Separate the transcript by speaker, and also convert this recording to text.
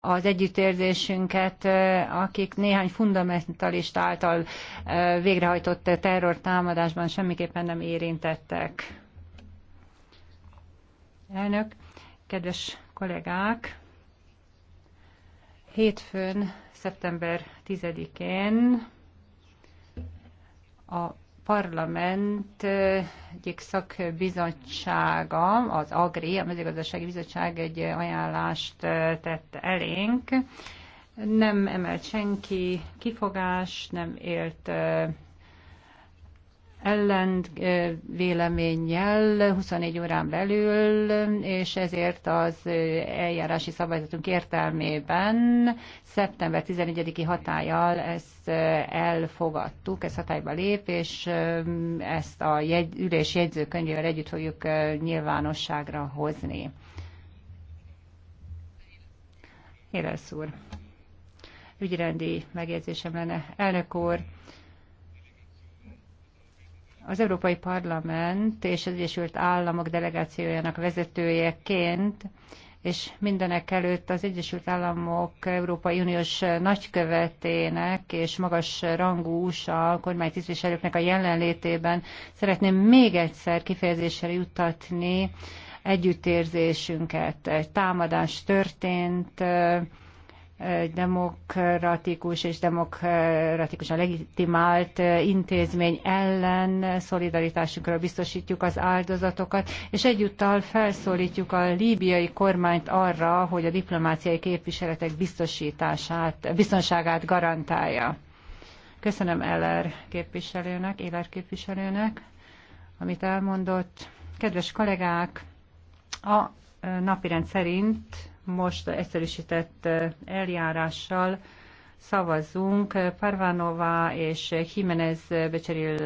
Speaker 1: az együttérzésünket, akik néhány fundamentalist által végrehajtott terror támadásban semmiképpen nem érintettek. Elnök, kedves kollégák! Hétfőn, szeptember 10-én a parlament egyik szakbizottsága, az AGRI, a mezőgazdasági bizottság egy ajánlást tett elénk. Nem emelt senki kifogást, nem élt ellen véleménnyel 24 órán belül, és ezért az eljárási szabályzatunk értelmében szeptember 11-i hatállyal ezt elfogadtuk, ez hatályba lép, és ezt a jegy, ülés jegyzőkönyvével együtt fogjuk nyilvánosságra hozni. éles úr, ügyrendi megjegyzésem lenne. Elnök úr, az Európai Parlament és az Egyesült Államok delegációjának vezetőjeként és mindenek előtt az Egyesült Államok Európai Uniós nagykövetének és magas rangú USA tisztviselőknek a jelenlétében szeretném még egyszer kifejezésre juttatni együttérzésünket. Egy támadás történt, demokratikus és demokratikusan legitimált intézmény ellen szolidaritásunkra biztosítjuk az áldozatokat, és egyúttal felszólítjuk a líbiai kormányt arra, hogy a diplomáciai képviseletek biztosítását, biztonságát garantálja. Köszönöm Eller képviselőnek, Éler képviselőnek, amit elmondott. Kedves kollégák, a napirend szerint most egyszerűsített eljárással szavazzunk Parvanova és Jimenez becserél